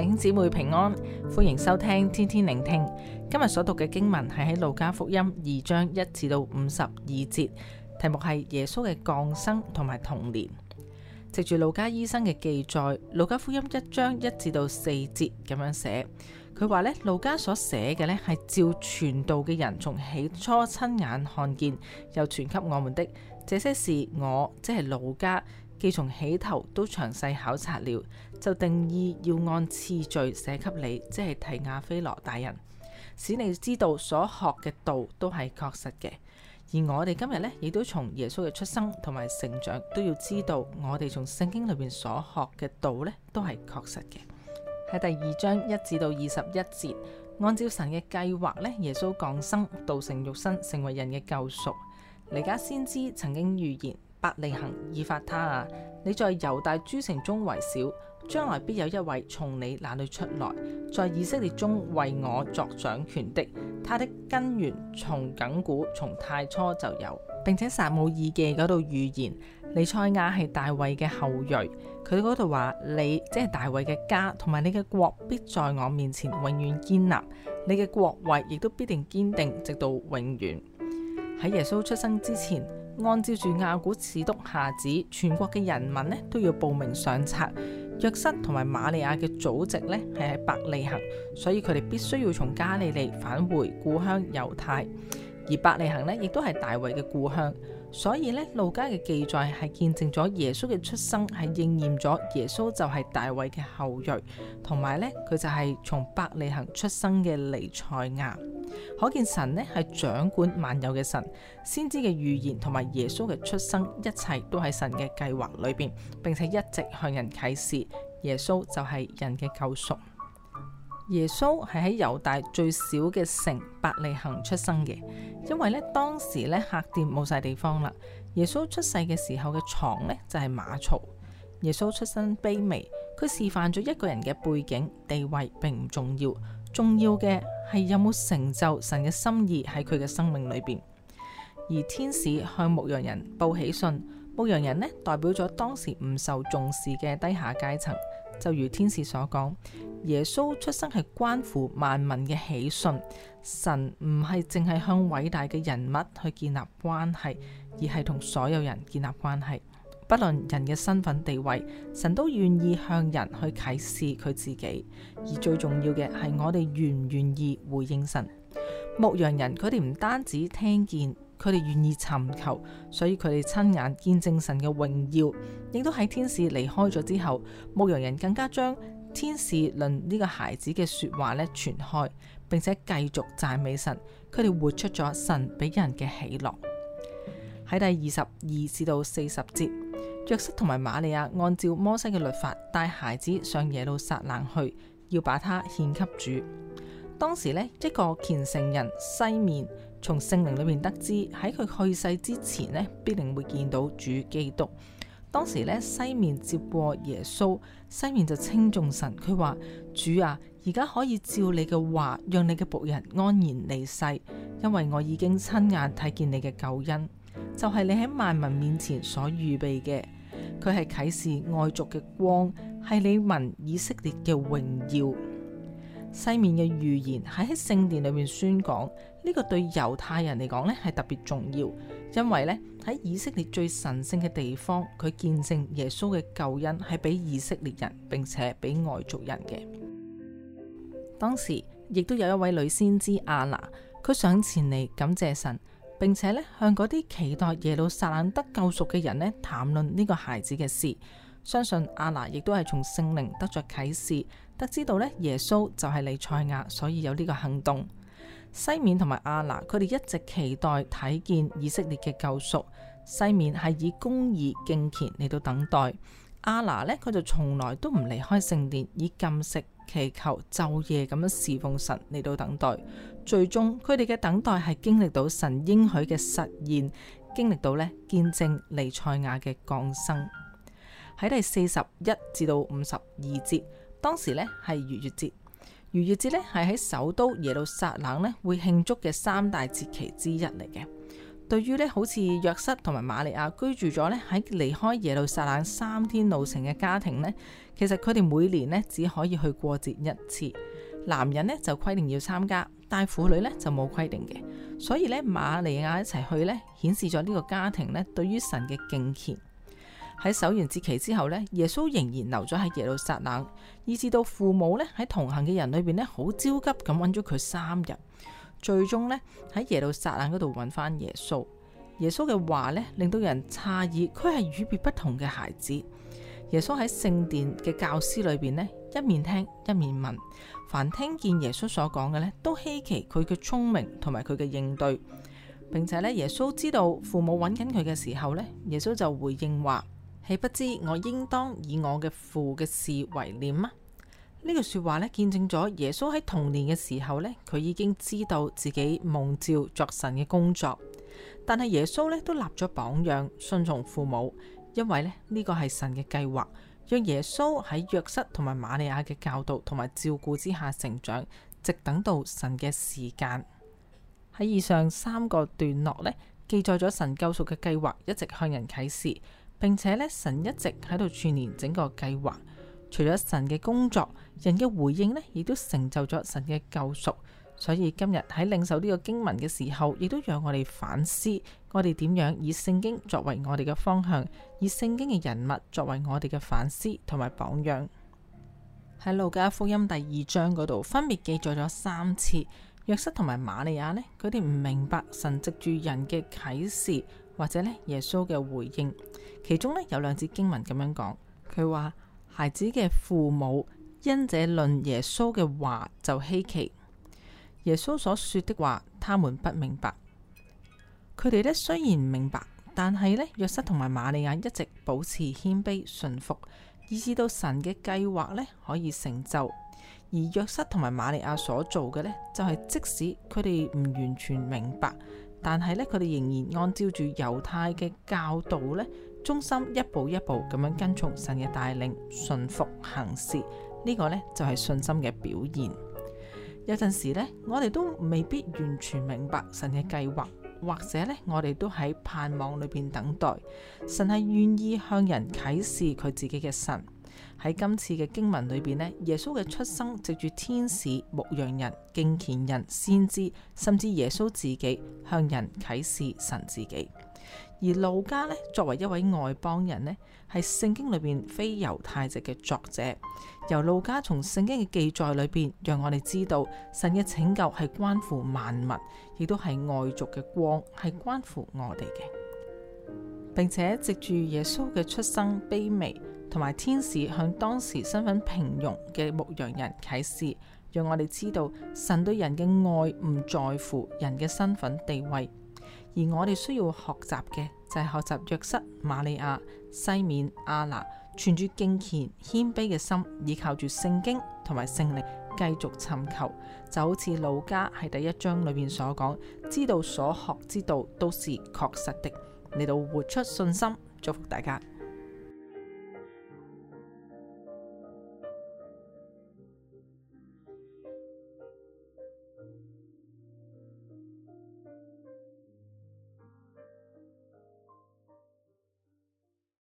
弟兄姊妹平安，歡迎收聽天天聆聽。今日所讀嘅經文係喺路加福音二章一至到五十二節，題目係耶穌嘅降生同埋童年。藉住路加醫生嘅記載，路加福音一章一至到四節咁樣寫，佢話呢，路加所寫嘅呢係照傳道嘅人從起初親眼看見，又傳給我們的這些事，我即係路加。既從起頭都詳細考察了，就定意要按次序寫給你，即係提亞非羅大人，使你知道所學嘅道都係確實嘅。而我哋今日呢，亦都從耶穌嘅出生同埋成長都要知道，我哋從聖經裏面所學嘅道呢，都係確實嘅。喺第二章一至到二十一節，按照神嘅計劃呢，耶穌降生，道成肉身，成為人嘅救贖。彌迦先知曾經預言。伯利恆以法他啊！你在猶大諸城中為小，將來必有一位從你那裏出來，在以色列中為我作掌權的。他的根源從亙古，從太初就有，並且撒母耳記嗰度預言，彌賽亞係大衛嘅後裔。佢嗰度話，你即係、就是、大衛嘅家，同埋你嘅國必在我面前永遠堅立，你嘅國位亦都必定堅定直到永遠。喺耶穌出生之前。按照住亞古士督下旨，全國嘅人民咧都要報名上冊。約瑟同埋馬利亞嘅祖籍咧係喺伯利恆，所以佢哋必須要從加利利返回故鄉猶太。而伯利恆咧，亦都係大衛嘅故鄉。所以呢，路加嘅記載係見證咗耶穌嘅出生，係應驗咗耶穌就係大衛嘅後裔，同埋呢，佢就係從伯利恆出生嘅彌賽亞。可見神呢係掌管萬有嘅神，先知嘅預言同埋耶穌嘅出生，一切都喺神嘅計劃裏邊，並且一直向人啟示耶穌就係人嘅救贖。耶穌係喺猶大最小嘅城伯利恆出生嘅，因為咧當時咧客店冇晒地方啦。耶穌出世嘅時候嘅床咧就係馬槽。耶穌出身卑微，佢示範咗一個人嘅背景地位，並唔重要，重要嘅係有冇成就神嘅心意喺佢嘅生命裏邊。而天使向牧羊人報喜訊，牧羊人咧代表咗當時唔受重視嘅低下階層。就如天使所講，耶穌出生係關乎萬民嘅喜訊。神唔係淨係向偉大嘅人物去建立關係，而係同所有人建立關係，不論人嘅身份地位，神都願意向人去啟示佢自己。而最重要嘅係我哋願唔願意回應神。牧羊人佢哋唔單止聽見。佢哋願意尋求，所以佢哋親眼見證神嘅榮耀，亦都喺天使離開咗之後，牧羊人更加將天使論呢個孩子嘅説話咧傳開，並且繼續讚美神。佢哋活出咗神俾人嘅喜樂。喺第二十二至到四十節，約瑟同埋瑪利亞按照摩西嘅律法，帶孩子上耶路撒冷去，要把他獻給主。當時呢，一個虔誠人西面。從聖靈裏面得知，喺佢去世之前咧，必定會見到主基督。當時咧，西面接過耶穌，西面就稱頌神，佢話：主啊，而家可以照你嘅話，讓你嘅僕人安然離世，因為我已經親眼睇見你嘅救恩，就係你喺萬民面前所預備嘅。佢係啟示外族嘅光，係你民以色列嘅榮耀。西面嘅預言喺聖殿裏面宣講呢、呢個對猶太人嚟講咧係特別重要，因為咧喺以色列最神聖嘅地方，佢見證耶穌嘅救恩係俾以色列人並且俾外族人嘅。當時亦都有一位女先知亞拿，佢上前嚟感謝神，並且咧向嗰啲期待耶路撒冷得救贖嘅人咧談論呢個孩子嘅事。相信亞拿亦都係從聖靈得着啟示。得知到咧，耶穌就係彌賽亞，所以有呢個行動。西面同埋亞拿，佢哋一直期待睇見以色列嘅救贖。西面係以公義敬虔嚟到等待，亞拿呢，佢就從來都唔離開聖殿，以禁食祈求晝夜咁樣侍奉神嚟到等待。最終佢哋嘅等待係經歷到神應許嘅實現，經歷到呢，見證彌賽亞嘅降生喺第四十一至到五十二節。當時咧係逾越節，逾越節咧係喺首都耶路撒冷咧會慶祝嘅三大節期之一嚟嘅。對於咧好似約瑟同埋瑪利亞居住咗咧喺離開耶路撒冷三天路程嘅家庭呢，其實佢哋每年咧只可以去過節一次。男人咧就規定要參加，但係婦女咧就冇規定嘅。所以咧瑪利亞一齊去呢，顯示咗呢個家庭咧對於神嘅敬虔。喺守完節期之後呢，耶穌仍然留咗喺耶路撒冷，以至到父母呢喺同行嘅人裏邊呢，好焦急咁揾咗佢三日，最終呢，喺耶路撒冷嗰度揾翻耶穌。耶穌嘅話呢，令到人詫異，佢係與別不同嘅孩子。耶穌喺聖殿嘅教師裏邊呢，一面聽一面問，凡聽見耶穌所講嘅呢，都稀奇佢嘅聰明同埋佢嘅應對。並且呢，耶穌知道父母揾緊佢嘅時候呢，耶穌就回應話。豈不知我應當以我嘅父嘅事為念嗎？呢句說話咧，見證咗耶穌喺童年嘅時候咧，佢已經知道自己蒙召作神嘅工作。但係耶穌咧都立咗榜樣，順從父母，因為咧呢個係神嘅計劃，讓耶穌喺約瑟同埋瑪利亞嘅教導同埋照顧之下成長，直等到神嘅時間。喺以上三個段落咧，記載咗神救贖嘅計劃，一直向人啟示。並且咧，神一直喺度串聯整個計劃。除咗神嘅工作，人嘅回應咧，亦都成就咗神嘅救贖。所以今日喺領受呢個經文嘅時候，亦都讓我哋反思，我哋點樣以聖經作為我哋嘅方向，以聖經嘅人物作為我哋嘅反思同埋榜樣。喺路加福音第二章嗰度，分別記載咗三次，約瑟同埋瑪利亞咧，佢哋唔明白神藉住人嘅啟示。或者咧，耶穌嘅回應，其中呢，有兩節經文咁樣講，佢話：孩子嘅父母因這論耶穌嘅話就希奇，耶穌所說的話，他們不明白。佢哋呢雖然唔明白，但係呢，約瑟同埋馬利亞一直保持謙卑順服，以至到神嘅計劃呢可以成就，而約瑟同埋馬利亞所做嘅呢，就係即使佢哋唔完全明白。但係咧，佢哋仍然按照住猶太嘅教導咧，忠心一步一步咁樣跟從神嘅帶領，順服行事，呢、這個咧就係信心嘅表現。有陣時呢，我哋都未必完全明白神嘅計劃，或者呢，我哋都喺盼望裏邊等待。神係願意向人啟示佢自己嘅神。喺今次嘅經文裏邊呢，耶穌嘅出生藉住天使、牧羊人、敬虔人、先知，甚至耶穌自己向人啟示神自己。而路加呢，作為一位外邦人呢，係聖經裏邊非猶太籍嘅作者。由路加從聖經嘅記載裏邊，讓我哋知道神嘅拯救係關乎萬民，亦都係外族嘅光，係關乎我哋嘅，並且藉住耶穌嘅出生卑微。同埋天使向當時身份平庸嘅牧羊人啟示，讓我哋知道神對人嘅愛唔在乎人嘅身份地位。而我哋需要學習嘅就係、是、學習約瑟、馬利亞、西面阿、亞拿，存住敬虔謙卑嘅心，依靠住聖經同埋聖靈，繼續尋求。就好似路加喺第一章裏面所講，知道所學之道都是確實的，嚟到活出信心。祝福大家。